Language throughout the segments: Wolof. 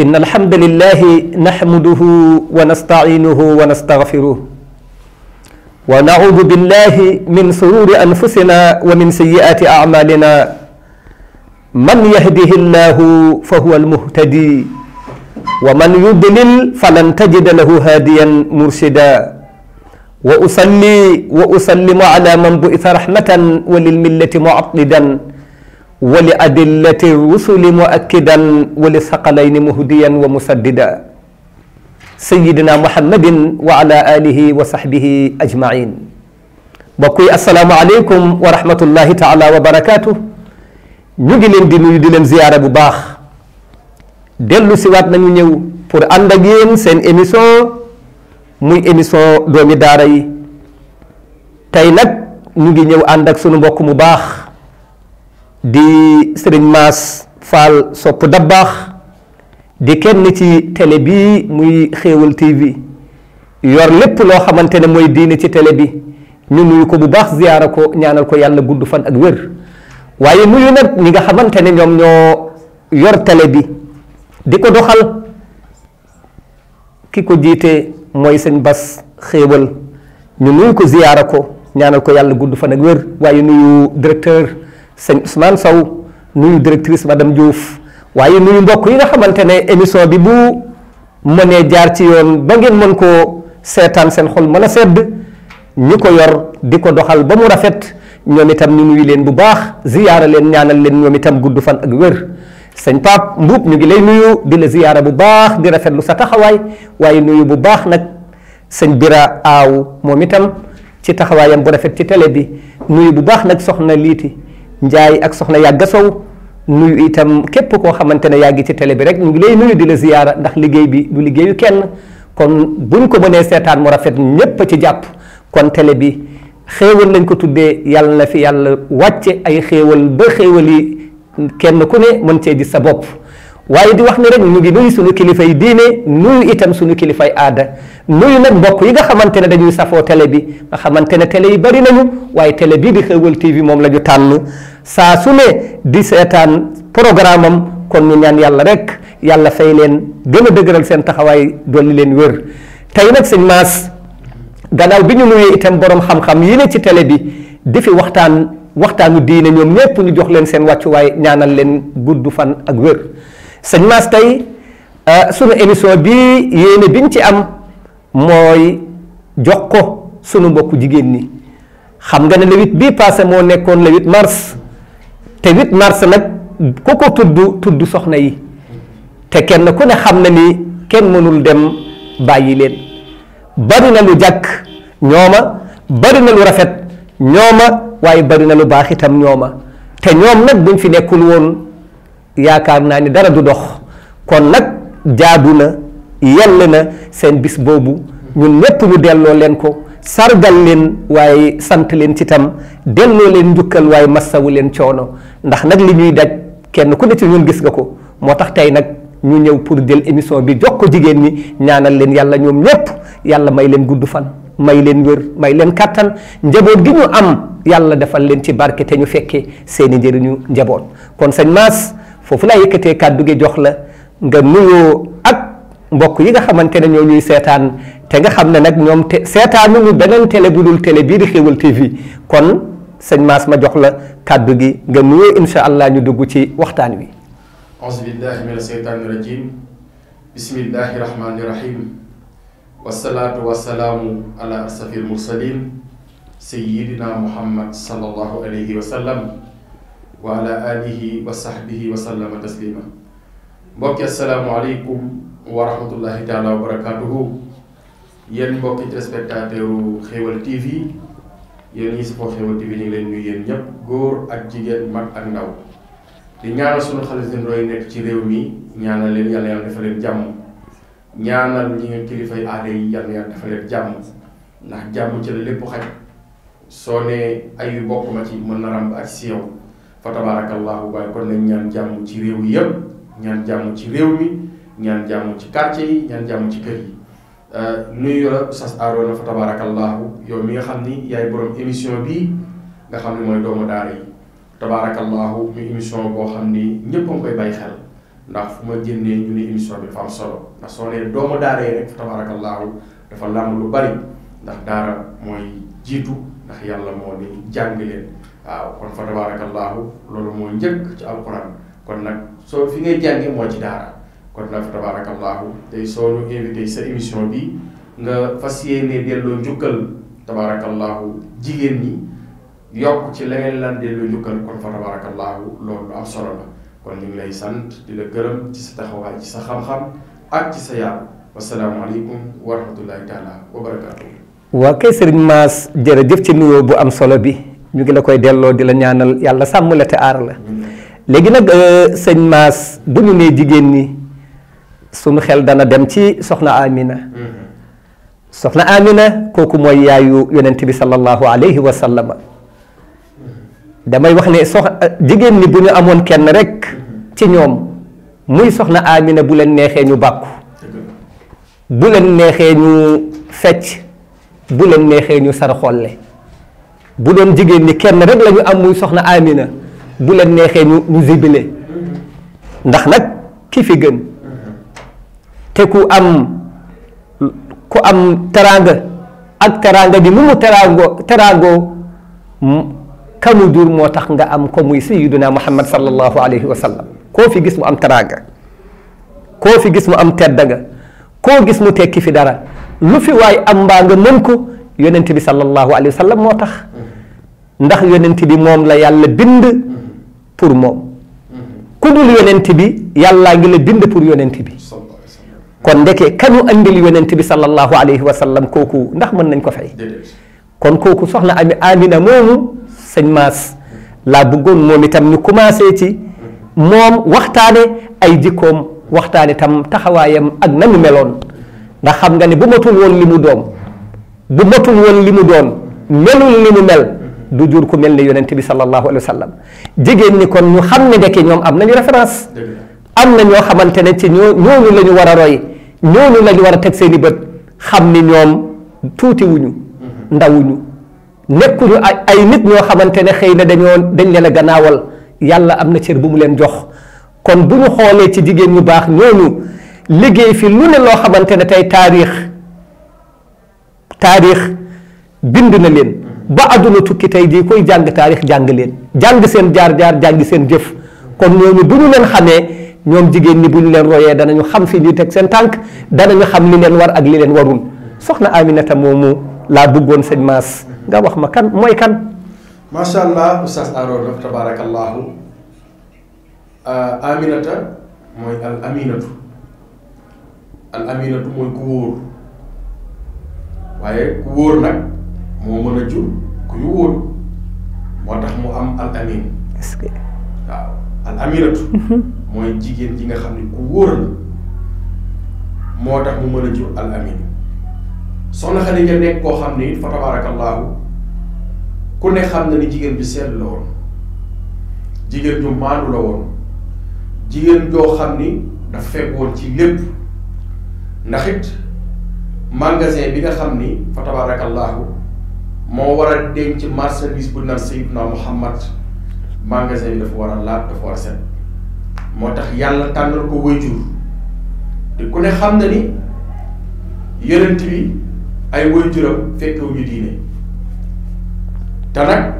إن الحمد لله نحمده ونستعينه ونستغفره ونعوذ بالله من سرور أنفسنا ومن سيئات أعمالنا من يهده الله فهو المهتدي ومن يضلل فلن تجد له هاديا مرشدا وأصلي وأسلم على من بعث رحمة وللملة معقدا wali adillati rusuli muakkidan wali saqalayni muhdiyan wa musaddida sayidina muhammadin wa ala alihi wa sahbihi ajmain mbokk yi asalaamu aleykum wa rahmatullahi taala wa barakaatu ñu ngi leen di nuyu di leen ziyaara bu baax dellu siwaat nañu ñëw pour ànd ak yéen seen émission muy émission doomi daara yi tey nag ñu ngi ñëw ànd sunu mbokk mu baax di sëriñ Maas Fall sopp dabbaax di kenn ci tele bi muy xéewal TV yor lépp loo xamante ne mooy diine ci télé bi ñu nuyu ko bu baax ziyaara ko ñaanal ko yàlla gudd fan ak wér waaye nuyu nag ñi nga xamante ne ñoom ñoo yor télé bi di ko doxal ki ko jiite mooy sëñ Bas xéewal ñu nuyu ko ziyaara ko ñaanal ko yàlla gudd fan ak waaye nuyu directeur sëñ Ousmane Sow nuyu directrice madame Diouf waaye nuyu mbokk yi nga xamante ne émission bi bu mënee jaar ci yoon ba ngeen mën koo seetaan seen xol mën a sedd ñu ko yor di ko doxal ba mu rafet ñoom itam ñu nuyu leen bu baax ziyaara leen ñaanal leen ñoom itam gudd fan ak wér sëñ Pape Mbuub ñu ngi lay nuyu di la ziyaara bu baax di rafetlu sa taxawaay waaye nuyu bu baax nag sëñ Bira Aaw moom itam ci taxawaayam bu rafet ci télé bi nuyu bu baax nag soxna liiti Njaay ak soxna yàgg Sow nuyu itam képp koo xamante ne yàgg ci tele bi rek ñu ngi lay nuyu di la ziyaara ndax liggéey bi du liggéeyu kenn kon buñ ko mënee seetaan mu rafet ñépp ci jàpp kon tele bi xéewal lañ ko tuddee yàlla na fi yàlla wàcce ay xéewal ba xéewal yi kenn ku ne mën cee gis sa bopp waaye di wax ne rek ñu ngi nuyu suñu kilifay diine nuyu itam suñu kilifay aada nuyu nag mbokk yi nga xamante ne dañuy safoo télé bi nga xamante ne tele yi bari nañu waaye télé bii di xéewal moom la ñu tànn saa su ne di seetaan programme am kon ñu ñaan yàlla rek yàlla fay leen gën a dëgëral seen taxawaay dolli leen wér tey nag sëñ Maas gannaaw bi ñu nuyee itam boroom xam-xam yi ne ci tele bi di fi waxtaan waxtaanu diine ñoom ñépp ñu jox leen seen wàccuwaay ñaanal leen gudd fan ak wér sëñ Maas tey euh, sunu émission bi yéene biñ ci am mooy jox ko sunu mbokku jigéen ñi xam nga ne le 8 bii passé moo nekkoon le 8 mars. te 8 mars nag ku ko tudd tudd soxna yi te kenn ku ne xam na ni kenn mënul dem bàyyi leen bari na lu jàkk ñooma bari na lu rafet ñooma waaye bari na lu baax itam ñooma te ñoom nag buñ fi nekkul woon yaakaar naa ni dara du dox kon nag jaadu na yell na seen bis boobu ñun ñépp ñu delloo leen ko sargal leen waaye sant leen ci tam delloo leen njukkal waaye massawu leen coono ndax nag li ñuy daj kenn ku ne ci ñun gis nga ko moo tax tey nag ñu ñëw pour jël émission bi jox ko jigéen ñi ñaanal leen yàlla ñoom ñépp yàlla may leen gudd fan may leen wér may leen kàttan njaboot gi ñu am yàlla defal leen ci barke te ñu fekkee seeni njëriñu njaboot kon sëñ maas foofu laa yëkkatee kàddu gi jox la nga nuyoo ak mbokk yi nga xamante ne ñoo ñuy seetaan te nga xam ne nag ñoom te seetaanuñu beneen télé bu dul télé bii di xéwal TV kon sëñ Mass ma jox la kàddu gi nga nuyoo incha allah ñu dugg ci waxtaan wi. auzu billahi mina seytaani rajim bismillahi rahmani rahim wasalaatu wasalaamu ala asrafil mursalin sayidina muhammad sallallahu alayhi wa sallam wa ala alihi wa sahbihi wa sallama taslima mbokki asalaamualeykum wa rahmatullahi taala wa barakatuhu yéen mbokki téléspectateur Xéwal TV yéen ñi support Xéwal TV ñu ngi leen nuyu yéen ñëpp góor ak jigéen mag ak ndaw di ñaanal sunu xalifa généraux yi nekk ci réew mi ñaanal leen yàlla yàlla defal leen jàmm ñi ngeen kilifay aada yi yàlla yàlla ndax jàmm ci la lépp xaj soo nee ayu bokk ma ci mën na ràmb ak si fa tabaarakallaahu waaye kon nañ ñaan jàmm ci réew yëpp ñaan jàmm ci réew mi ñaan jàmm ci quartier yi ñaan jàmm ci kër yi. Euh, nuyu la Oustaz Arona fa tabaarakallaahu yow mi nga xam ni yaay borom émission bii nga xam ne mooy doomu daara yi tabaarakallaahu muy émission boo xam ni ñëpp a koy bàyyi xel ndax fu ma génnee ñu ne émission bi dafa am solo ndax soo nee doomu daara yi rek fa tabaarakallaahu dafa làmb lu bari ndax daara mooy jiitu ndax yàlla moo ni jàng leen waaw kon fa tabaarakallaahu loolu moo njëkk ci alquran kon nag soo fi ngay jàngee moo ci daara. kon nag tabaarakallaahu tey soo ñu invité sa émission bi nga fas yéene delloo njukkal tabaarakallaahu jigéen ñi yokk ci la ngeen lan delloo njukkal kon fa tabaarakallaahu loolu am solo la kon ñu ngi lay sant di la gërëm ci sa taxawaay ci sa xam-xam ak ci sa yàlla wasalaamualeykum wa rahmatullahi taala wa barakaatu. waa kay sëriñ Maas jërëjëf ci nuyoo bu am solo bi ñu ngi la koy delloo di la ñaanal yàlla sàmm la te aar la léegi nag euh, sunu xel dana dem ci soxna Amina soxna Amina koku moy yaayu yonent bi sallallahu alayhi wa sallam damay wax ne sox jigen ñi buñu amone kenn rek ci ñom muy soxna Amina bu len nexé ñu bàkku bu len nexé ñu fecc bu len nexé ñu sar xolle bu doon jigen ñi kenn rek lañu am muy soxna Amina bu len nexé ñu ñu zibile ndax nak ki fi gën. te ku am ku am teraanga ak teraanga bi mu mu teraango teraangoo kamu jur moo tax nga am ko muy sayyiduna muhammad sallallahu alayhi wa sallam koo fi gis mu am teraanga koo fi gis mu am tedda nga koo gis mu tekki fi dara lu fi waay am mbaa nga mën ko yonent bi sallallahu alayhi wa sallam moo tax ndax yonent bi moom la yàlla bind pour moom ku dul yonent bi yàllaa ngi la bind pour yonent bi kon ndeke kañu andil yonent bi sallallahu alayhi wa sallam kooku ndax mën nañ ko fay kon kooku soxna ami amina moomu sëñ maas laa bëggoon moom itam ñu commencé ci moom waxtaane ay jikkoom waxtaane tam taxawaayam ak nañu meloon ndax xam nga ne bu matul woon li mu doom bu matul woon li mu doon melul li mu mel du jur ku mel ne yonent bi sallallahu alayhi wa jigéen ñi kon ñu xam ne ndeke ñoom am nañu référence am na ñoo xamante ne ci ñoo la ñu war a roy ñooñu lañ war a teg seen i bët xam ni ñoom tuuti wuñu ndawuñu nekkuñu ay ay nit ñoo xamante ne xëy na dañoo dañ leen a gannaawal yàlla am na cër bu mu leen jox kon bu ñu xoolee ci jigéen ñu baax ñooñu liggéey fi lu ne loo xamante ne tey taarix taarix bind na leen ba àdduna tukki tey jii koy jàng taarix jàng leen jàng seen jaar-jaar jàng seen jëf kon ñooñu bu ñu leen xamee ñoom jigéen ñi bu ñu leen royee danañu xam fii ñuy teg seen tànk danañu xam li leen war ak li leen warul soxna Aminata moomu laa bëggoon sëñ Maas nga wax ma kan mooy kan. macha allah oustaz Arona tabarakallahu euh, Aminata mooy al aminatu al aminatu mooy ku wóor waaye ku wóor nag moo mën a jur ku ñu wóor moo tax mu am al amin. waaw. al amiratu mhm. mooy jigéen ji nga xam ne ku wóor la moo tax mu mën a jur al aminu soxna Xadija nekk koo xam ne fa tabaarakallaahu ku ne xam na ni jigéen bi seetlu la woon jigéen ñu maandu la woon jigéen joo xam ni dafa fekk woon ci lépp ndaxit it magasin bi nga xam ni fa tabaarakallaahu moo war a denc marchandise bu nar Seydina Muhammad magasin yi dafa war a laab dafa war set moo tax yàlla tànnal ko wayjur te ku ne xam na ni yonent bi ay wayjuram fekkewu ñu diine te nag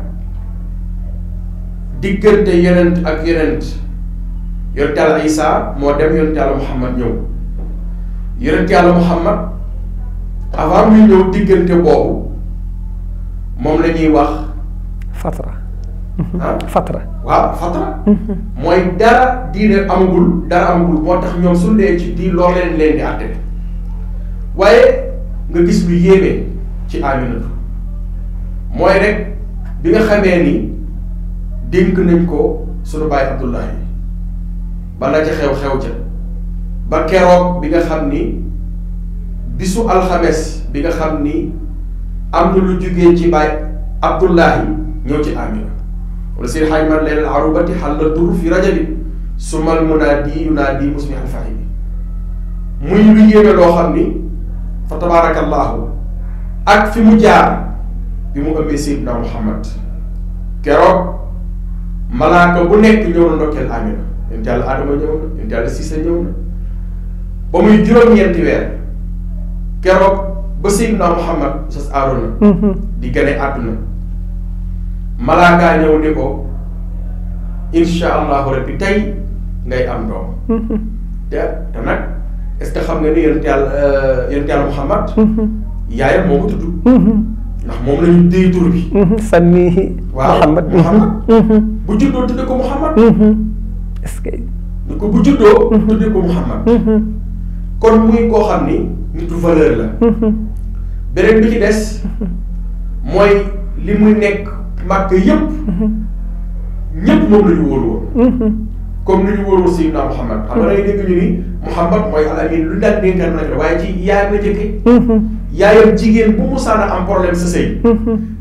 diggante yonent ak yonent yonent yàlla Isaa moo dem yonent yàlla Muhammad ñëw yonent yàlla Muhammad avant muy ñëw diggante boobu moom la wax Mhm. Ah. fatra waaw fatra mhm. mooy dara diine amagul dara amagul moo tax ñoom su dee ci di loolu leen di àtte waaye nga gis lu yéeme ci Aminatu mooy rek bi nga xamee ni dénk nañ ko sunu bàyyi Abdullahi ba la xew xew ca ba keroog bi nga xam ni bisu alxames bi nga xam ni am na lu jógee ci bàyyi Abdullahi ñëw ci Amina ورسيل حاج من ليل العروبة حل الدور في رجل ثم المنادي ينادي مصبح الفهم muy lu yéeme loo xam ni fa tabarakallahu ak fi mu jaar bi mu ëmbee sayyidina muhammad kero malaaka bu nekk ñëw na ndokkeel amina yéen jàll adama ñëw na yéen jàll siisa ñëw na ba muy juróom-ñeenti weer kero ba sayyidina muhammad sas aarona mhm. di gane àdduna malaakaa ñëw ni ko insha allahu rabbi tey ngay am doom te te nag est-ce que xam nga ni yonent yàlla euh, yonent yàlla Muhammad yaayam moo ko tudd ndax moom lañu déy tur bi sànni Muhammad Muhammad bu juddoo tudde ko Muhammad est bu juddoo koo xam ni nitu valeur la beneen bi ci des mooy li muy nekk màkk yëpp. ñëpp moom la ñu wóolu comme ni ñu wóolu Seydina Mouhamad. xam nga da ngay dégg ñu ni Mouhamad mooy al amin lu daan dénkaan nag la waaye ci yaayam la jëkkee. yaayam jigéen bu mu saan am problème sa sëy.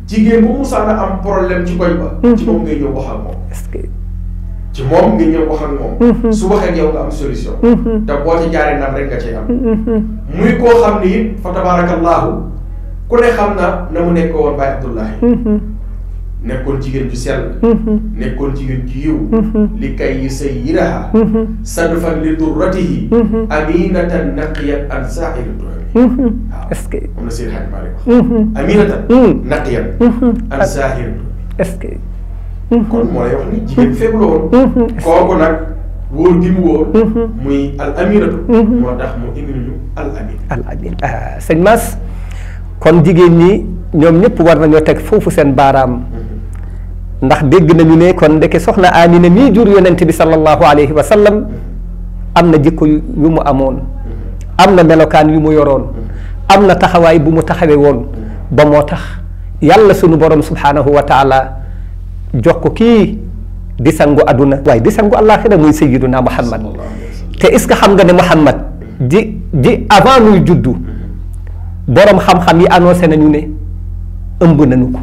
jigéen bu mu saan am problème ci koñ ba. ci moom ngay ñëw wax moom. ci moom nga ñëw wax ak moom. Mhm. su waxee ak yow nga am solution. Mhm. te boo ci jaaree nag rek nga cay am. Mhm. muy koo xam ni fa tabaarakallaahu ku ne xam na na mu nekk woon Baye Abdoulahi. nekkoon jigéen ju sell mm-hmm. nekkoon jigéen ju yiw mm-hmm. li kay yi say yiraha mm-hmm. li durratihi aminatan naqiyat an saa'iri turami est que moom la Seydou ce que kon moo lay wax ni jigéen faible kooku nag wóor gi mu wóor muy al aminatu moo tax mu indi ñu al amin al amin ah, sëñ Mass kon jigéen ñi ñoom ñëpp war nañoo teg foofu seen baaraam ndax dégg nañu ne kon ndeke soxna Amina mi jur yonent bi sallallahu alayhi wa sallam amna jikko yu mu amoon amna melokan yu mu yoron amna taxaway bu mu taxawé won ba motax yàlla sunu borom subhanahu wa taala jox ko kii di sangu aduna way di sangu àllaaxira muy sayyiduna Muhammad te est-ce xam nga ne Muhammad di di avant muy juddu borom xam-xam yi annoncé nañu ne eumbu nañu ko.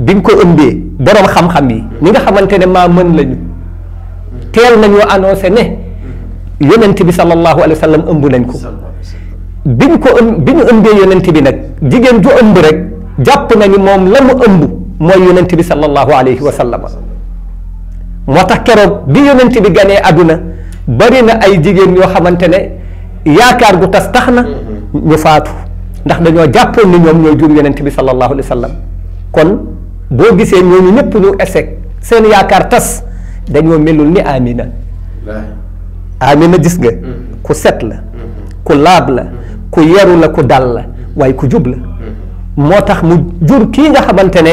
bi nga ko ëmbee borom xam-xam yi ñi nga xamante ne maa mën lañu teel ñu annoncé ne yonent bi sallallahu alayhi wa sallam ëmb nañ ko bi ñu ko ëm bi ñu ëmbee yonent bi nag jigéen ju ëmb rek jàpp nañu moom la mu ëmb mooy yonent bi sallallahu alayhi wa sallam moo tax keroog bi yonent bi ganee àdduna bari na ay jigéen yoo xamante ne yaakaar gu tas tax na ñu faatu ndax dañoo jàppoon ni ñoom ñooy jur yonent bi sallallahu alayhi wa sallam kon boo gisee ñooñu ñëpp ñu échec seen yaakaar tas dañoo melul ni Amina. Amina gis nga. Mm. ku set la. Mm-hmm. ku laab la. Mm-hmm. ku yaru la ku dàll la mm-hmm. waaye ku jub la. moo tax mu jur kii nga xamante ne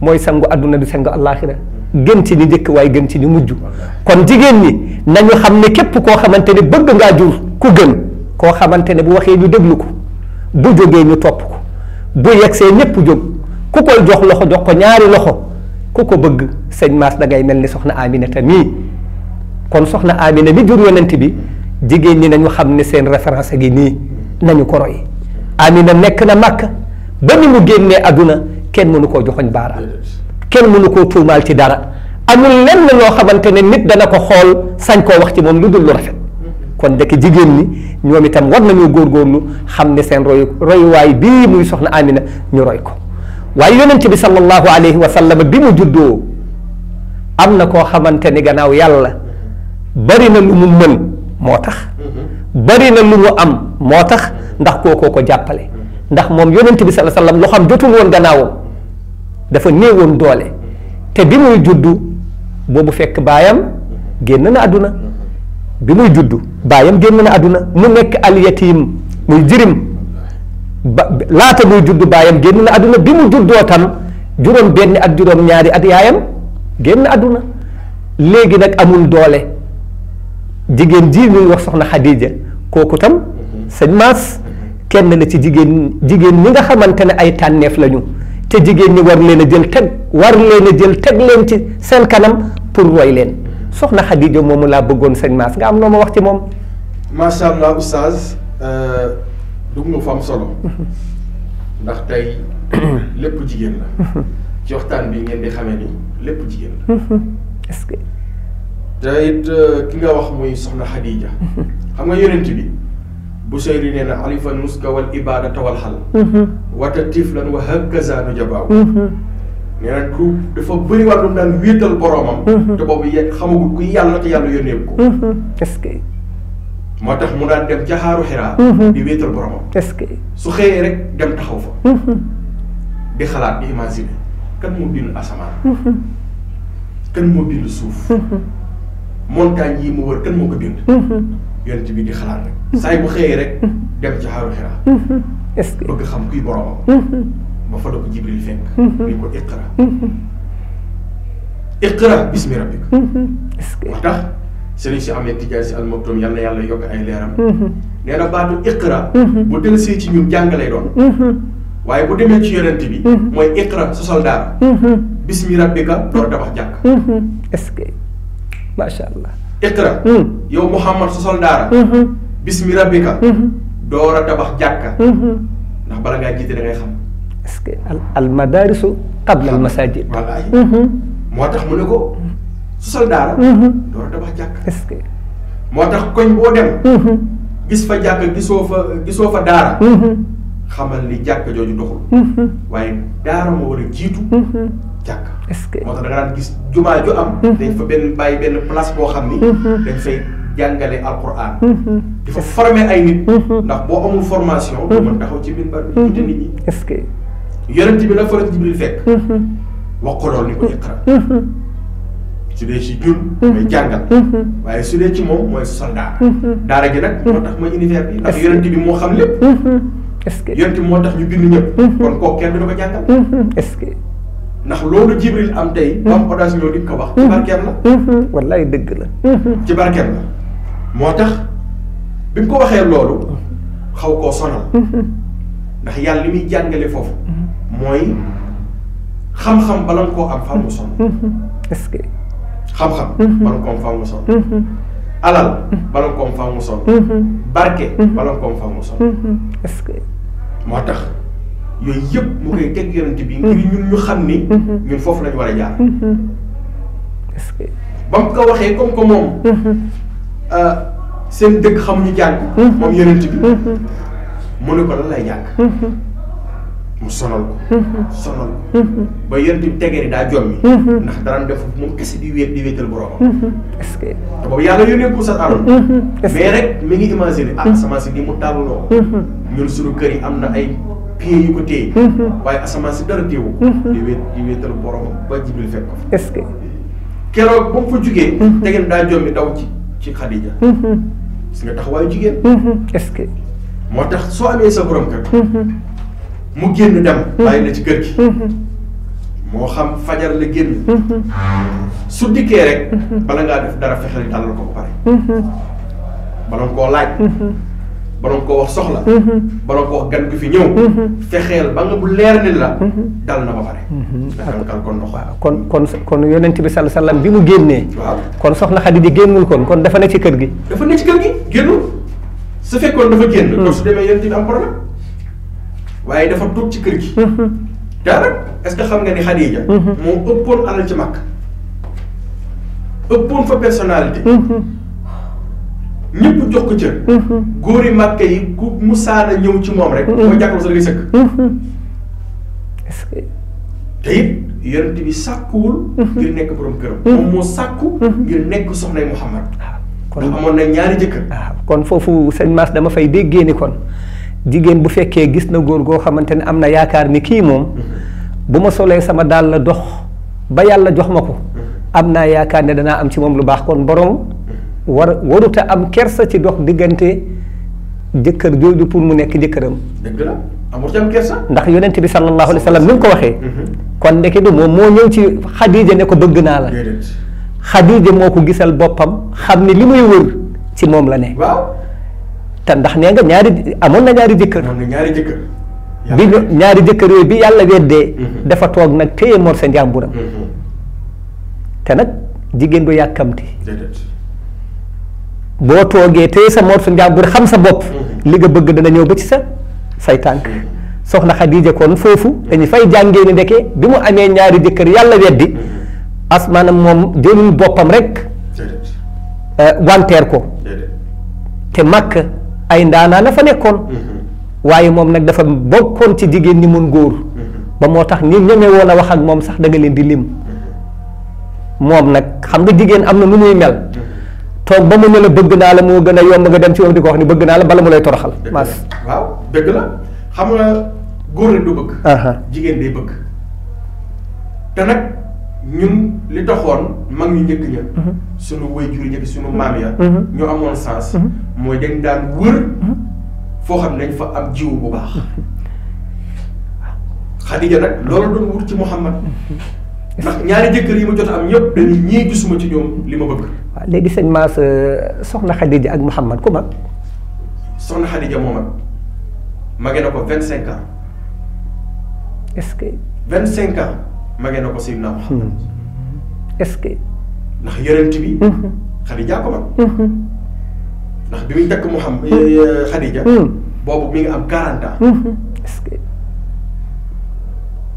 mooy sangu àdduna di sangu àllaaxira gën ci ni njëkk waaye gën ci ni mujj kon jigéen ñi nañu xam ne képp koo xamante ne bëgg ngaa jur ku gën koo xamante ne bu waxee ñu déglu ko bu jógee ñu topp ko bu yegsee ñëpp jóg. ku koy jox loxo jox ko ñaari loxo ku ko bëgg sëñ Maas da ngay mel ni soxna Aminata mii kon soxna Amina mi jur yonent bi jigéen ñi nañu xam ne seen référence gi nii nañu ko roy Amina nekk na Makka ba ni mu génnee àdduna kenn mënu koo joxoñ baaraam kenn mënu koo tuumaal ci dara amul lenn loo xamante ne nit dana ko xool sañ koo wax ci moom lu dul lu rafet kon dëkk jigéen ñi ñoom itam war nañoo góorgóorlu xam ne seen roy royuwaay bii muy soxna Amina ñu roy ko waaye yonent bi sallallahu alayhi wa sallam bi mu juddoo am na koo xamante ni gannaaw yàlla bari na lu mu mën moo tax bari na lu mu am moo tax ndax kookoo ko jàppale ndax moom yonent bi sallallahu alayhi wa loo xam jotul woon gannaawam dafa néewoon doole te bi muy juddu boobu fekk baayam génn na àdduna bi muy juddu baayam génn na àdduna mu nekk al yatim muy jirim ba laata muy judd baayam génn na àdduna bi mu juddoo tam juróom benni ak juróom ñaari at yaayam génn àdduna léegi nag amul doole jigéen jii ñuy wax soxna Xadija kooku tam sëñ Maas kenn la ci jigéen jigéen ñi nga xamante ne ay tànneef lañu te jigéen ñi war leen a jël teg war leen a jël teg leen ci seen kanam pour roy leen soxna Xadija moomu laa bëggoon sëñ Maas nga am noo ma wax ci moom. macha allah oustaz. Euh, dugg nga fu am solo ndax tey lépp jigéen la ci waxtaan bi ngeen di xamee ni lépp jigéen la est-ce que te it ki nga wax muy soxna Xadija xam nga yonent bi bu seyri nee na alifan muska wal ibadata wal xal wata tiflan wa hakaza nu jabaaw nee na ku dafa bëri wàllum daan wéetal boromam te boobu yegg xamagul ku yàlla te yàlla yónneeb ko est-ce que motax mu daan dem ca xaaru xiraa mm-hmm. di wéetal boromam eske su xëyee rek dem taxaw fa mm-hmm. di xalaat di imagine kan moo bind asamaan mm-hmm. kan moo bind suuf montagne yi mu wër kan moo ko bind yonent bi di xalaat rek saay bu xëyee rek dem ca xaaru xiraa eske bëgg xam kuy boromam ba fa la ko jibril fekk ni ko iqra iqra bismi rabbik moo tax sëriñ si Ahmed Tidiane si almaktoum yal na yàlla yokk ay leeram. Mhm. nee na baatu iqra. Mhm. bu dellu see ci ñun jàng lay doon. Mhm. waaye bu demee ci yonent bi. mooy iqra sosal daara. bismi rabbika door tabax ce que macha allah. yow Mouhamad sosal daara. a tabax jàkka. ndax bala ngaa jiite da ngay xam. est-ce que al al madaarisu qabla al masaajid. wallaahi. moo tax mu ne ko. sosal daara. door a tabax jàkk. est-ce que. moo tax koñ boo dem. Mm-hmm. gis fa jàkk gisoo fa gisoo fa daara. Mm-hmm. xamal ni jàkk jooju doxul. Mm-hmm. waaye daara moo war a jiitu. jàkk est-ce que moo tax da daan gis jumaa ju am. dañ fa benn bàyyi benn place boo xam ni. dañ fay jàngale alquran. di fa former ay nit. ndax boo amul formation. du mën taxaw ci minbar bi jiite nit ñi. est-ce que. yonent bi la fa Jibril fekk. wax ko loolu ni ko iqra su dee ci jur. mooy mhm. jàngal. Mhm. waaye su dee ci moom mooy sol daara. Mhm. daara gi nag moo tax mooy univers bi ndax yonent bi moo xam lépp. est-ce que yonent bi moo tax ñu bind ñëpp. kon koo kenn du ko jàngal. est-ce que. ndax loolu jibril am tey. ba mu audace ñëw di ko wax. ci barkeem la. wallaay dëgg la. ci barkeem la moo tax bi mu ko waxee loolu xaw koo sonal. ndax yàlla li muy jàngale foofu. mooy xam-xam bala nga koo am faamu sonal. est-ce xam-xam. Mm-hmm. bala koom faaw mu sonn. Mm-hmm. alal mm-hmm. bala koom faaw mu sonn. barke bala koom faaw mu sonn. ce que. moo tax yooyu yëpp mu koy teg yonent bi ngir ñun ñu xam ni. ñun foofu lañu war a jaar. ce que. ba mu ko waxee comme que moom. Euh, seen dëkk xamuñu jàng. moom yonent bi. mu ne ko lan lay jàng. mu sonal ko. sonal ko. ba yéen itam tegeri daa jommi. ndax daraan def moom kese di wéet di wéetal boromam. est-ce que. te boobu yàlla yónnee pour sa taroon. mais rek mi ngi imaginer ah asamaan si ni mu tàlloo. ñun suñu kër yi am na ay pieds yu ko téye. waaye asamaan si dara téewu ko. di wéet di wéetal boromam ba jibril fekk ko. est-ce que. keroog ba mu fa jugee. tegeri daa jommi daw ci ci Khadija. gis nga taxawaayu jigéen. est-ce que. moo tax soo amee sa borom kër. mu génn dem. Mm-hmm. bàyyi na ci kër gi. Mm-hmm. moo xam fajar la génn. Mm-hmm. su dikkee rek. bala ngaa def dara fexeel yi tàllal ko ba pare. bala koo laaj. bala koo wax soxla. bala koo gan gu fi ñëw. fexeel ba nga bu leer ni la. dal na ba pare. daanaka kon ndox waaw kon kon kon yonent bi sall sallam bi mu génnee. waaw kon soxna Xadi di génnul kon kon dafa ne ci kër gi. dafa ne ci kër gi génnul su fekkoon dafa génn. kon su mm. demee yonent bi am problème. waaye dafa toog ci kër gi. Mm-hmm. te nag xam nga ni Khadija. Mm-hmm. moo ëppoon alal ci mag. ëppoon fa personnalité. Mm-hmm. ñëpp jox ko cër. góor yi màkk yi ku musaana ñëw ci moom rek. mooy jàkkaarloo sa da ngay sëkk. est-ce bi sàkkuwul. ngir nekk borom këram. moom moo sàkku. ngir nekk soxnay Muhammad. Ah, kon amoon na ñaari jëkkër. Ah, kon foofu sëñ Mass dama fay déggee ni kon. jigéen bu fekkee gis na góor goo xamante ne am na yaakaar ni kii moom bu ma solee sama daal la dox ba yàlla jox ma ko am naa yaakaar ne danaa am ci moom lu baax kon borom war waruta am kersa ci dox diggante jëkkër jooju pour mu nekk jëkkëram. dëgg la amul ci am kersa. ndax yonent bi sallallahu alayhi wa sallam ni ko waxee. Mhm. kon ndeke du moom moo ñëw ci xadiija ne ko bëgg naa la. xadiija moo ko gisal boppam xam ne li muy wër ci moom la ne. waaw te ndax nee nga ñaari na ñaari jëkkër. ñaari jëkkër. ñaari jëkkër yooyu bi yàlla weddee. Mhm. dafa toog nag téye mor sa njàmburam. Mhm. te nag jigéen du yàkkamti. boo toogee téye sa mor sa xam sa bopp. Mhm. li nga bëgg dana ñëw ba ci sa say tànk. soxna Xadiija kon foofu dañu fay jàngee ni ndeke bi mu amee ñaari jëkkër yàlla weddi. as maanaam moom jëlul boppam rekk euh, wanteer ko. te màkk. ay ndaanaan a fa nekkoon mm-hmm. waaye moom nag dafa bokkoon ci jigéen ñi mun góor mm-hmm. ba moo tax ñi ñeme a wax ak moom sax danga leen di lim mm-hmm. moom nag xam nga jigéen am na nu muy mel toog ba mu ne la bëgg naa la moo gën a yomb nga dem ci moom di ko wax ni bëgg naa la bala mu lay toroxal maas waaw dëgg la xam nga góor du bëgg jigéen day bëgg ñun li doxoon mag ñu njëkk ña mhm. suñu waajur njëkk suñu mhm. maam ya mhm. ñu amoon sens mooy dañ daan wër foo xam nañ fa am jiwu bu baax Xadija nag loolu doon wut ci Muhammad ndax ñaari jëkkër yi ma jot am ñëpp dañuy ñii gisuma ci ñoom li ma bëgg waaw léegi sëñ Mass euh, soxna Xadija ak Muhammad ku mag soxna Xadija moo mag ko vingt cinq ans que magee na ko sayyidina muhammad est-ce eh, hmm. eh, ndax yonent bi khadija ko mag hmm. ndax bi muhammad khadija boobu mi ngi am 40 ans hmm, est-ce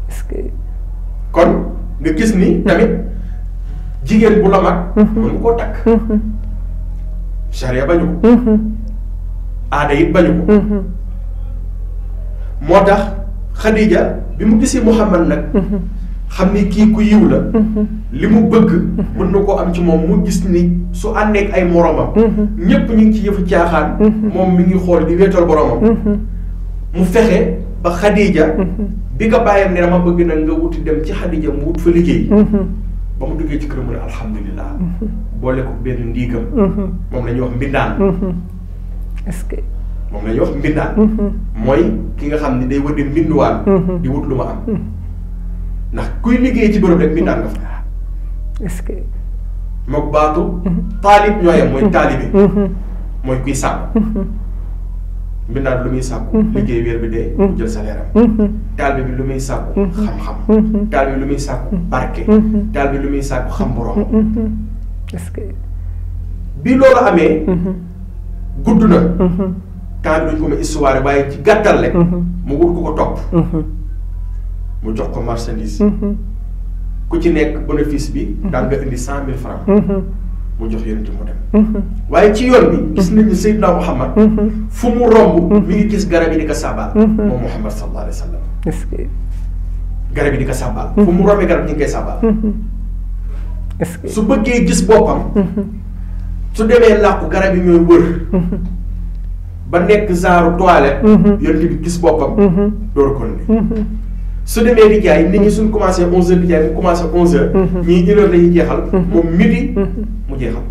est-ce kon nga gis ni tamit jigéen bu la sharia bañu ada aada bañu ko khadija bi mu muhammad nak. xam ni kii ku yiw la mhm. li mu bëgg mën na koo am ci moom mu gis ni su àndeek ay moromam mhm. ñépp ñu ngi ci yëfu caaxaan mhm. moom mi ngi xool di weetal boromam mu fexe ba Xadija bi nga bàyyam ne dama bëgg nag nga wuti dem ci Xadija mu wut fa liggéey ba mu duggee ci kër mu ne alhamdulilah boole ko benn ndiigam moom la wax mbindaan ce que moom la ñuy wax mbindaan mooy ki nga xam ne day wër di mbinduwaan di wut lu ma am ndax kuy liggéey ci bërëb rek mi daan nga fa. est mook baatu. Mhm. taalib ñoo yem mooy mhm. taalibi. Mhm. mooy kuy sàmm. mbindaat lu muy sàkku liggéey weer bi dee jël salaire am bi lu muy sàkku xam-xam taal bi lu muy sàkku barke taal lu muy sàkku xam borom bi loolu amee gudd na temps bi duñ ko ma histoire waaye ci gàttal rek mu wut ko ko topp mu jox ko marchandise. Mm-hmm. ku ci nekk bénéfice bi. Mm-hmm. daan nga indi cent mille francs. Mm-hmm. mu jox yonent mu dem. waaye ci yoon bi. gis nañu Seydina Muhammad. fu mu romb. mi ngi gis garab yi di ko saabaal. moom Muhammad wa sallam. su bëggee gis boppam. su demee làqu garab yi ñooy wër. ba nekk genre toilette. yonent bi gis boppam. door ko ne. su demee di jaay nit ñi suñ commencé onze heures di jaay mu commencé onze heures mm-hmm. ñii une heure jeexal mm-hmm. moom midi mm-hmm. mu jeexal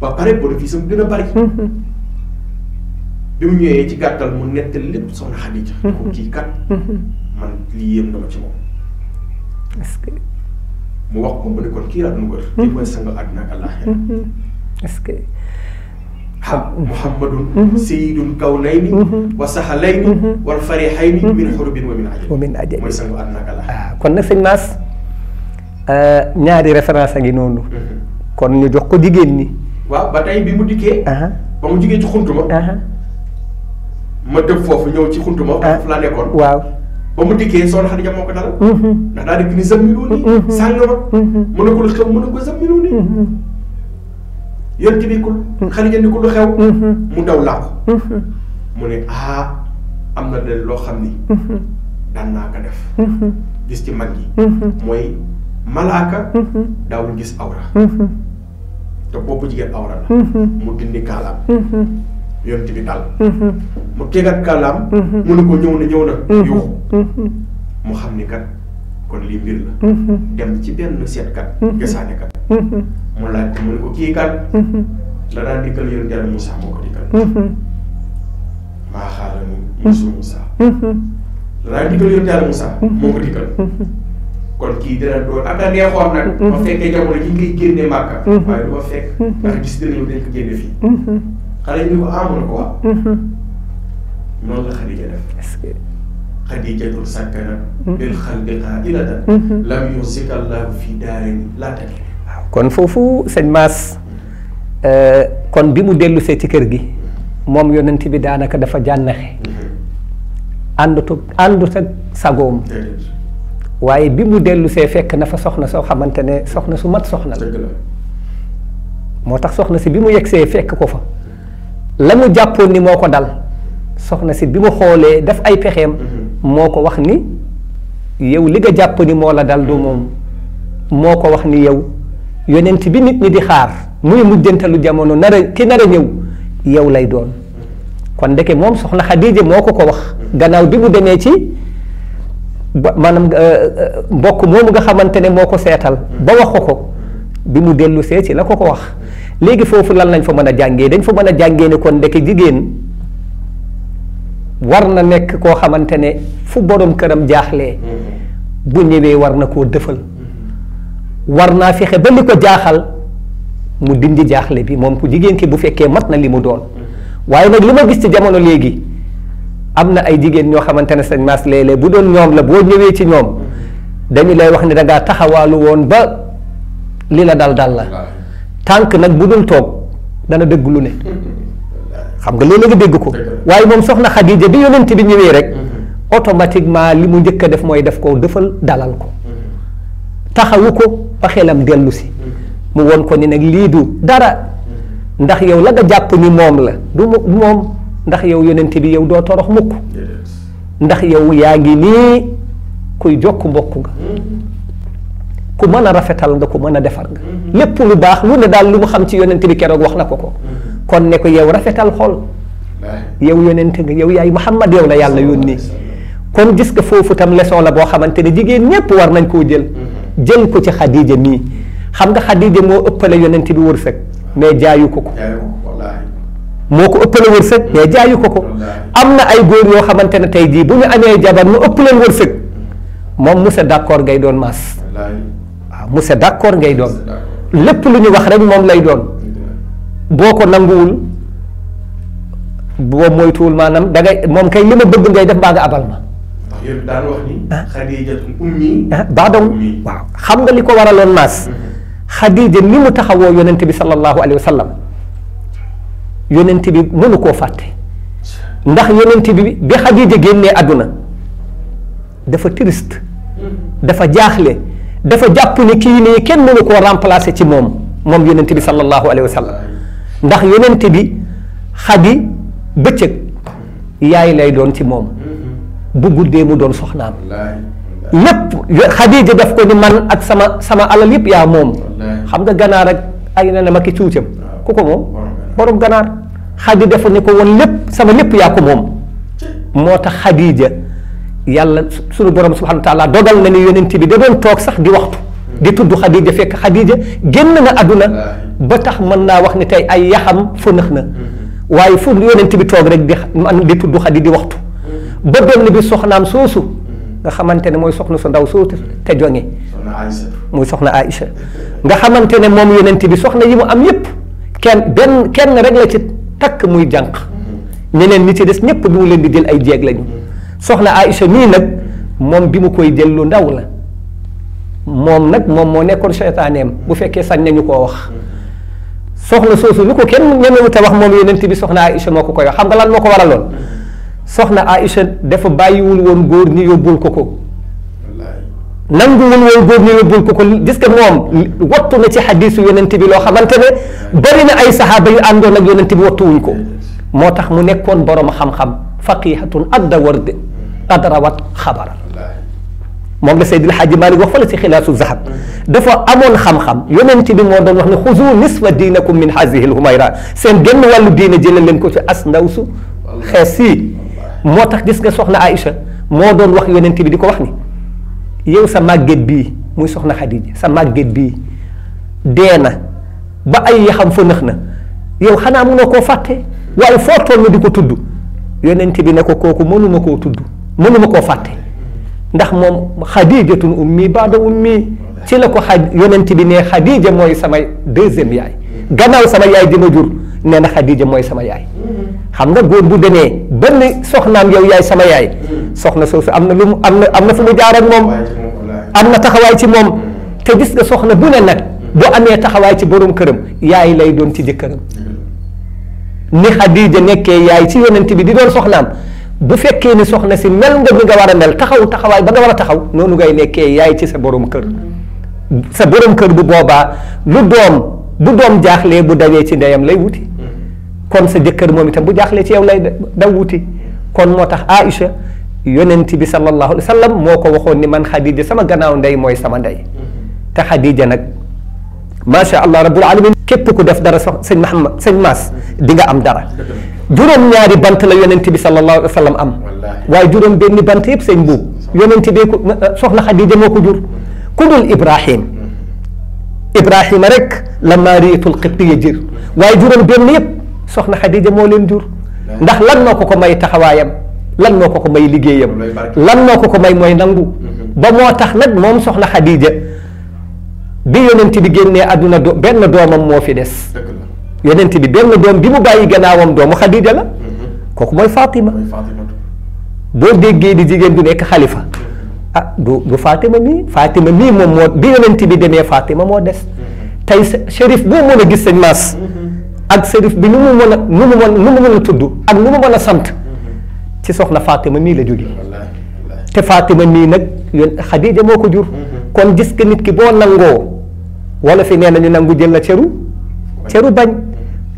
ba pare bénéfice am gën a bari bi mu ñëwee ci gàttal mu nettal lépp soxna Xadija ko kii kat man lii yéem na ma ci moom mu wax ko mu ne kon kii la nu wër kii mooy sang àdduna ak àllaaxira est-ce Mm-hmm. muhammadun mm-hmm. sayyidul kawnayni mm-hmm. wa sahalayni wal farihayni min xurubin wa min ajab wa min ajab mooy sangu àdduna ah, kon nag sëñ Mass euh, a ngi noonu kon ñu jox ko jigéen ñi waaw ba tey bi mu dikkee ah. ba mu jigee ci xuntuma ma dëpp ah. foofu ñëw ci xuntuma foofu laa nekkoon waaw ba mu dikkee soxna Xadija moo ko dalal ndax daa dikk ni zammiluuni sàng ma mu ne ko lu xew mu ne ko zammiluuni yonti bi kul xalija ni kul xew mm-hmm. mu daw ko mm-hmm. mu ne ah amna de lo xamni mm-hmm. dan na ka def gis ci mag moy malaka malaaka gis awra to boppu jigéen awra la mu dindi bi dal mu tegat kaalaam mu ne ko ñew na ñew na yu mu xamni kat kon li mbir la dem ci set kat gesane kat mu laaj ko mu ne ko kii kat. la daan dikkal yéen yàlla Moussa moo ko dikkal. maa xaaral mu Moussa Moussa. la daan dikkal yéen yàlla Moussa. moo ko dikkal. kon kii dina doon ak a neexoon nag. ba fekkee jamono ji ngay génne màkka. waaye du ko fekk. ndax gis dinañu dañ ko génne fii. xale yi ñu ko amoon ah, ko wax. noonu la Xadija def. est-ce que. Xadijatu sakkana. bil xalbiqa ilatan. lam yusika allahu fi daarin laa tadri kon foofu sëñ euh kon bi mu delu se ci kër gi mom yonenti bi danaka dafa janaxé andutuk àndut ak sagom waye bi mu delu se fekk na fa soxna so xamantene soxna su mat soxna la moo soxna si bi mu yegsee fekk ko fa lamu mu jàppoon ni moo dal soxna si bi mu xolé daf ay pexem moko wax ni yow li nga jàpp ni moo la dal do mom moko wax ni yow yonent bi nit ñi di xaar muy mujjantalu jamono nar a ki nar a ñëw yow lay doon kon ndeke moom soxna Xadiija moo ko ko wax gannaaw bi mu demee ci ba maanaam euh, euh, mbokk moomu nga xamante ne moo ko seetal ba wax ko ko bi mu dellu see ci la ko ko wax léegi foofu lan lañ fa mën a jàngee dañ fa mën a jàngee ne kon ndeke jigéen war na nekk koo xamante ne fu borom këram jaaxlee mm-hmm. bu ñëwee war na koo dëfal war naa fexe ba li ko jaaxal mu dindi jaaxle bi moom ku jigéen ki bu fekkee mat na li mu doon waaye nag li ma gis ci jamono léegi am na ay jigéen ñoo xamante ne sañ maas léeg bu doon ñoom la boo ñëwee ci ñoom dañu lay wax ni dangaa ngaa taxawaalu woon ba li la dal dal la tànk nag bu dul toog dana dëgg lu ne xam nga loolu nga dégg ko waaye moom soxna Xadija bi yonent bi ñëwee rek mm-hmm. automatiquement li mu njëkk a def mooy def ko defal dalal ko taxawu ko ba xelam dellu si mu won ko ni nag lii du dara ndax yow la nga jàpp ni moom la du moom ndax yow yonent bi yow doo torox mukk ndax yow yaa ngi nii kuy jokk mbokk nga ku mën a rafetal nga ku mën a defar nga lépp lu baax lu ne daal lu mu xam ci yonent bi keroog wax na ko ko kon ne ko yow rafetal xol yow yonent nga yow yaay Muhammad yow la yàlla yónnee kon gis nga foofu tam leçon la boo xamante ne jigéen ñépp war nañ koo jël jël ko ci xadija mii xam nga xadija moo ëppale yonent bi wërsëg mais jaayu ko ko moo ko ëppale wërsëg mais jaayu ko ko am na ay góor yoo xamante ne tey jii bu ñu amee jabar mu ëpp leen wërsëg moom monsieur d'accord ngay doon maas waaw ah, monsieur d'accord ngay doon lépp lu ñu wax rek moom lay doon boo ko nanguwul boo moytuwul maanaam da ngay moom kay li ma bëgg ngay def mbaa nga abal ma yéen daan wax ni. xadijatun ummi. baada ummi waaw xam nga li ko waraloon maas. xadija ni mu taxawoo yonent bi sallallahu alayhi wa sallam yonent bi mënu koo fàtte ndax yonent bi bi xadija génnee àdduna dafa triste dafa jaaxle dafa jàpp ne kii nii kenn mënu koo remplacer ci moom moom yonent bi sallallahu alayhi wa sallam ndax yonent bi xadi bëccëg yaay lay doon ci moom. bu guddee mu doon soxnaam lépp Xadija def ko ni man ak sama sama alal yëpp yaa moom xam nga ganaar ak ay na ne ma ki cuucam ku ko moom borom ganaar Xadija dafa ne ko woon lépp sama lépp yaa ko moom moo tax Xadija yàlla suñu borom subhanahu wa taala dogal na ni yonent bi da doon toog sax di waxtu di tudd Xadija fekk Xadija génn na àdduna ba tax man naa wax ni tey ay yaxam fënax na mm-hmm. waaye fu yonent bi toog rek di man di tudd Xadija di waxtu ba benn bi soxnaam soosu mm-hmm. nga xamante ne mooy soxna su ndaw soosu te joŋe muy soxna Aïcha nga xamante ne moom yonent bi soxna yi mu am yépp kenn benn kenn rek la ci takk muy jànq mm-hmm. ñeneen ñi ci des ñépp bi mu leen di jël ay jéeg lañu mm-hmm. soxna Aïcha nii nag moom bi mu koy jël ndaw la moom nag moom moo nekkoon seytaaneem bu fekkee sañ nañu koo wax soxna soosu lu ko kenn ñemewut a wax moom yonent bi soxna Aïcha moo ko koy wax xam nga lan moo ko waraloon soxna aisha dafa bàyyiwul won góor ni yobul koko nangul won góor ni yobul koko ko gis nga moom wattu na ci hadith yonenti bi lo xamantene bari na ay sahaba yu andon ak yonenti bi wattu wattuwuñ ko motax mu nekkon borom xam-xam faqihatun adda warde qad rawat xabara moom la Seydil Xaaji Maalik wax fa la ci khilasu zahab dafa amoon xam-xam yonenti bi mo don wax ni khuzu nisfa dinakum min hazihi humayra sen genn walu dina jëlee len ko ci as ndaw moo tax gis nga soxna Aïcha moo doon wax yonent bi di ko wax ni yow sa màgget bi muy soxna Xadija sa màgget bi dee na ba ay yaxam fa nëx na yow xanaa mënoo koo fàtte waaye foo toll di ko tudd yonent bi ne ko kooku mënuma koo tudd mënuma koo fàtte ndax moom xadijatun ummi baada ummi ci la ko xaj yonent bi ne xadija mooy samay deuxième yaay gannaaw sama yaay di ma jur nee na Xadija mooy sama yaay xam nga góor bu demee benn soxnaam yow yaay sama yaay soxna soosu am na lu mu am na am na fu mu jaar ak moom am na taxawaay ci moom te gis nga soxna bu ne nag boo amee taxawaay ci borom këram yaay lay doon ci jëkkëram ni Xadija nekkee yaay ci yonent bi di doon bu fekkee ni soxna si mel nga war a mel taxaw taxawaay ba nga war a taxaw noonu ngay nekkee yaay ci sa borom kër sa borom kër bu boobaa lu doom bu doom jaaxlee bu dawee ci ndeyam lay wuti kon sa jëkkër moom itam bu jaaxlee ci yow lay daw wuti kon moo tax Aïcha yonent bi sallallahu alayhi wa sallam moo ko waxoon ni man Khadija sama gannaaw ndey mooy sama ndey mm-hmm. te Khadija nag macha allah rabbul alamin képp ku def dara sax sëñ Mahamad sëñ Maas mm-hmm. di nga am dara juróom-ñaari bant la yonent bi sallallahu alayhi wa sallam am waaye juróom benni bant yëpp sëñ buub yonent bi ko eh, soxna Khadija moo ko jur mm-hmm. ku dul Ibrahim Ibrahima rek la maariyatul qibtiya jir waaye juróom benn yëpp. soxna Xadija moo leen jur ndax lan moo ko ko may taxawaayam lan moo ko ko may liggéeyam lan moo ko ko may mooy nangu mhm. ba moo tax nag moom soxna Xadija bi yonent bi génnee àdduna do benn doomam moo fi des yonent bi benn doom bi mu bàyyi gannaawam doomu Xadija la mhm. kooku mooy Fatima boo déggee di jigéen du nekk xalifa mhm. ah du du Fatima mii Fatima mii moom moo bi yonent bi demee Fatima moo des tey serif boo mën a gis sëñ Maas ak sërif bi nu mu mën a nu mu mën nu mu mën a tudd ak nu mu man a sant ci soxna Fatima nii la jóge te Fatima nii nag yoon Xadija moo ko jur kon gis nga nit ki boo nangoo wala fi nee nañu nangu jël la ceru ceru bañ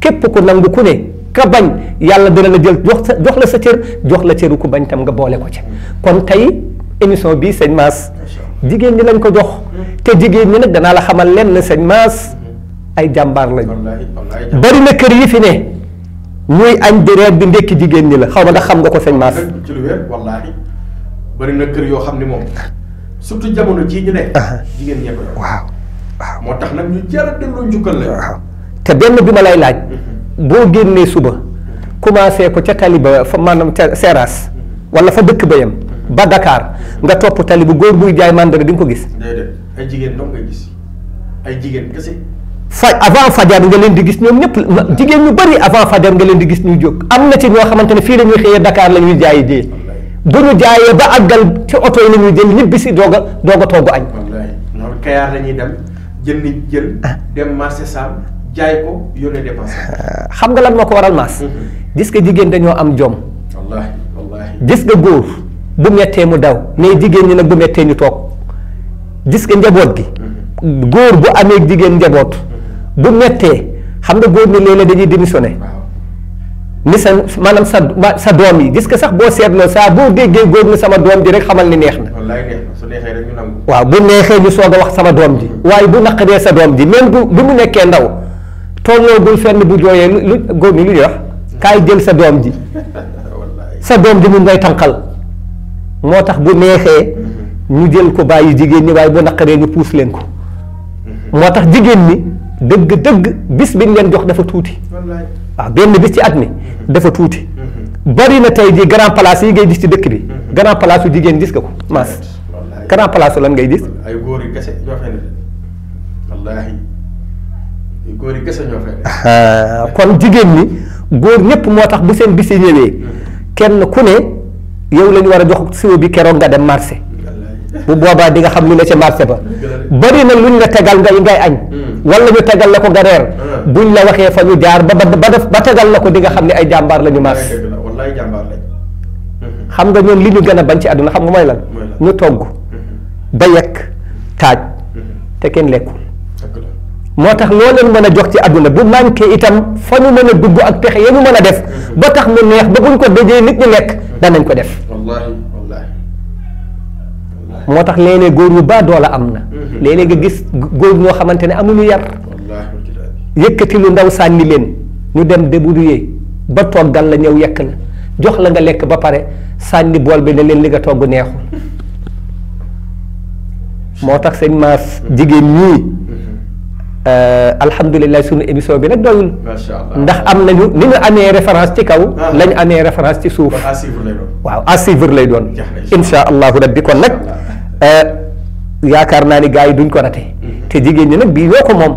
képp ku nangu ku ne ka bañ yàlla dina la jël jox sa jox la sa cër jox la cëru ku bañ tam nga boole ko ci kon tey émission bii sëñ Mass jigéen ñi lañ ko jox te jigéen ñi nag danaa la xamal lenn sëñ Mass ay jàmbaar lañu bari na kër yi fi ne ñuy añ di reer di ndekki jigéen ñi la xaw ma ndax xam nga ko señ Mass ci lu wér yoo xam ne moom surtout jamono jii ñu ne jigéen ñee waaw waaw moo tax nag ñu jar a delloo njukkal la te benn bi ma lay laaj mhm. boo génnee suba commencé ko ca tali ba fa maanaam ca Seras mhm. wala fa dëkk ba yem mhm. ba dakaar nga topp tali bu góor buy jaay màndara di nga ko gis déedéet jigéen dong jigéen fa avant fajar nga leen di gis ñoom ñëpp jigéen ñu bari avant fajar nga leen di gis ñu jóg am na ci ñoo xamante ne fii la ñuy xëyee Dakar la ñuy jaayee jee bu ñu jaayee ba àggal ci oto yi la ñuy jël ñibbi si doog a doog a togg añ. ñuy dem jënd jël ah. dem marché Sam jaay ko yónnee ah, xam nga lan moo ko waral maas. Mm-hmm. gis nga jigéen dañoo am jom. wallaahi gis nga góor bu mettee mu daw mais jigéen ñi nag bu mettee ñu toog gis nga njaboot gi. Mm-hmm. góor bu amee jigéen njaboot. Mm-hmm. bu mettee xam nga góor ñi léeg-léeg dañuy démissionné ni sa maanaam sa sa doom yi gis ko sax boo seetloo saa boo déggee góor ñi sama doom ji rek xamal ni neex na. waaw bu neexee ñu soog a wax sama doom ji. waaye bu naqaree sa doom ji même bu bi mu nekkee ndaw tolloo bul fenn bu jooyee lu lu góor ñi lu ñuy wax kaay jël sa doom ji sa doom ji mu ngay tànqal moo tax bu neexee mm-hmm. ñu jël ko bàyyi jigéen ñi waaye bu naqaree ñu puus leen ko mm-hmm. moo tax jigéen ñi. dëgg-dëgg bis bi ñu leen jox dafa tuuti waaw benn bis ci at mi dafa tuuti bari na tey ji grand place yi ngay gis ci dëkk bi grand place yu jigéen gis nga ko maas grand place lan ay góor yu kese ñoo fay wallaahi góor ah, kon jigéen ñi góor ñëpp moo tax bu seen bis yi ñëwee kenn ku ne yow la ñu war a jox siwo bi keroog nga dem marché bu boobaa di nga xam lu ne ca marché ba bari na luñ la tegal ngay ngay añ. Hmm. wala ñu tegal la ko nga reer hmm. buñ la waxee fa ñu jaar ba ba def ba tegal la ko di nga xam ne ay jàmbaar la ñu maas hmm. xam nga ñoom li ñu gën a bañ ci àdduna xam nga mooy lan ñu togg hmm. ba yekk taaj te kenn lekkul moo tax loo leen mën a jox ci àdduna bu manqué itam fa ñu mën a dugg ak pexe ya ñu mën a def ba tax mu neex ba buñ ko dajee nit ñu lekk danañ ko def wallaahi moo tax léeg-léeg góor yu baa doola am na mhm. léeg nga gis góor ñoo xamante ne amuñu yar yëkkati lu ndaw sànni leen ñu dem débrouiller ba toggal la ñëw yekk la jox la nga lekk ba pare sànni bool bi ne leen li nga togg neexul moo tax sëñ Mass mhm. jigéen ñii mhm. euh, alhamdulilah sunu émission bi nag doyul ndax am nañu ni ñu amee référence ci kaw ah. lañu amee référence ci suuf waaw à lay doon insha allahu rabbi kon nag Euh, yaakaar naa ni gars yi duñ ko rate mhm. te jigéen ñi nag bii ñoo ko moom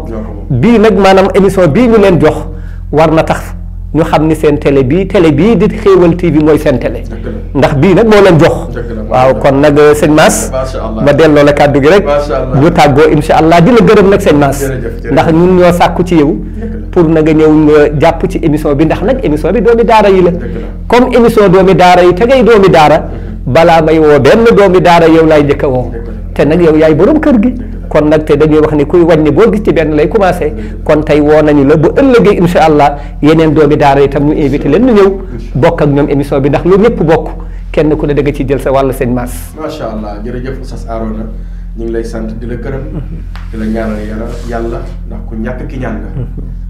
bii nag maanaam émission bii ñu leen jox war na tax ñu xam ni seen télé bii tele bii di xéewal TV mooy seen télé ndax bii nag moo leen jox waaw kon nag euh, sëñ Mass ma delloo la kàddu gi rek ñu tàggoo insha allah di la gërëm nag sëñ Mass ndax ñun ñoo sàkku ci yow pour na nga ñëw nga jàpp ci émission bi ndax nag émission bi doomi daara yi la comme émission doomi daara yi te ngay doomi daara mhm. balaa may woo benn doomi daara yow laay njëkk a woo te nag yow yaay borom kër gi kon nag te dañuy wax ni kuy wañ ni boo gis ci benn lay commencé kon tey woo nañu la bu ëllëgee incha allah yeneen doomi daara itam ñu invité leen ñu ñëw bokk ak ñoom émission bi ndax lu ñëpp bokk kenn ku ne da nga ciy jël sa wàll seen maas. macha allah jërëjëf Oustaz Arona ñu ngi lay sant di la gërëm. Mm-hmm. di la ñaanal yàlla yàlla ndax ku ñàkk ki ñaan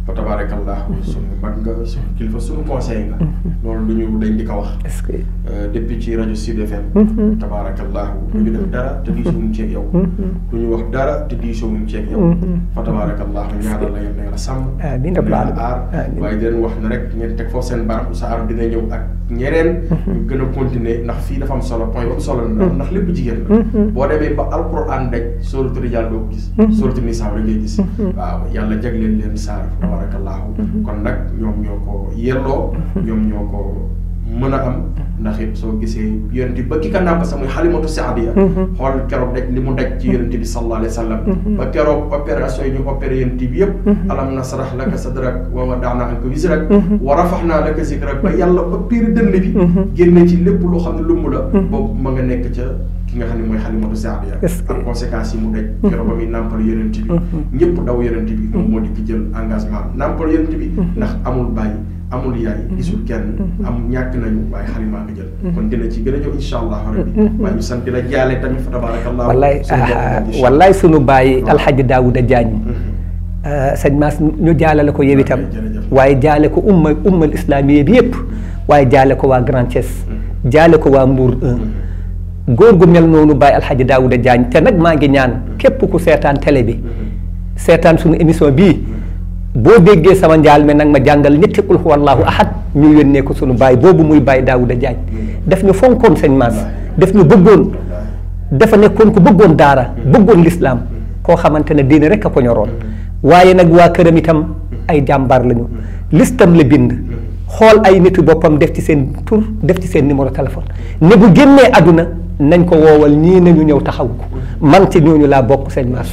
fa tabarakallah suñu mag nga suñu kilifa suñu conseil nga loolu lu ñu dañ di ko wax euh, depuis ci rajo Sud FM mm-hmm. tabarakallah lu ñu def dara te diisowuñ ceeg yow lu mm-hmm. ñu wax dara te diisowuñ ceeg yow mm-hmm. fa tabarakallah ñaanal la yow na nga sàmm amiin la aar waaye di wax na rek ngeen teg foofu seen barab sa aar dina ñëw ak ñeneen gën a continuer ndax fii dafa solo point am solo la ndax lépp jigéen la boo demee ba alquran daj sóoratu Rijaal doo ko gis rek ngay gis waaw tabaarakallaahu mhm. kon nag ñoom ñoo ko yelloo mhm. ñoom ñoo ko mën a am mhm. ndax it soo gisee yonent ba ki ka nàmp sax muy xalimatu xool keroog rek li mu daj ci yonent bi sallallahu alayhi wa sallam ba keroog opération yi ñu opéré yonent bi yëpp alam nasrah laka sadrak la wada'na anka wizrak wa rafaxnaa laka zikrak ba yàlla ba péeri dënn bi génne ci lépp loo xam ne lumb la boobu ma nga nekk ca nga xam ne mooy xalimatu saabiya ak conséquences yi mu daj mhm. keroog ba muy nàmpal yonent bi mhm. ñëpp daw yonent bi moom moo dikk jël engagement nàmpal yonent bi mhm. ndax amul bàyyi amul yaay gisul kenn am ñàkk nañu waaye xalimaa nga jël kon gën a ah, jaañ euh, sëñ Mass ñu jaale ko yow waaye jaale ko umma ummal islamiya bi waaye jaale ko waa Grand Thiès jaale ko waa Mbour góor gu mel noonu Baye Alhaji Daouda Diagne te nag maa ngi ñaan képp ku seetaan télé bi seetaan suñu émission bi boo déggee sama njaal mi nag ma jàngal ñetti qul huwallahu ahad ñu yónnee ko suñu baay boobu muy Baye Daouda Diagne def ñu fonkoon sëñ Mass daf ñu bëggoon dafa nekkoon ko bëggoon daara bëggoon lislaam koo xamante ne diine rek a ko ñoroon waaye nag waa këram itam ay jàmbaar lañu listam la bind xool ay nitu boppam def ci seen tur def ci seen numéro téléphone ne bu génnee àdduna nañ ko woowal ñii nañu ñëw taxaw ko man ci ñooñu laa bokk sëñ Mass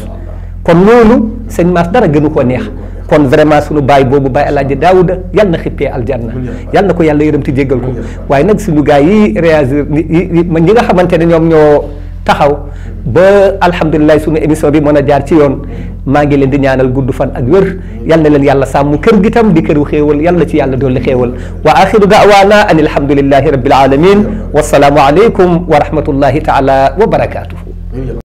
kon loolu sëñ Mass dara gënu ko neex kon vraiment suñu baay boobu baay alaaji daawuda yàlla na xippee aljanna yàlla na ko yàlla yërëm te jéggal ko waaye nag suñu gars yi réagir ñi nga xamante ne ñoom ñoo taxaw ba alhamdulilah suñu émission bi mën a jaar ci yoon maa ngi leen di ñaanal gudd fan ak wér yal na leen yàlla sàmm kër gi tam di këru xéewal yal na ci yàlla dolli xéewal wa axiru daawaana an alhamdulillahi rabbil alamin wasalaamu aleykum wa rahmatullahi taala wa barakaatuhu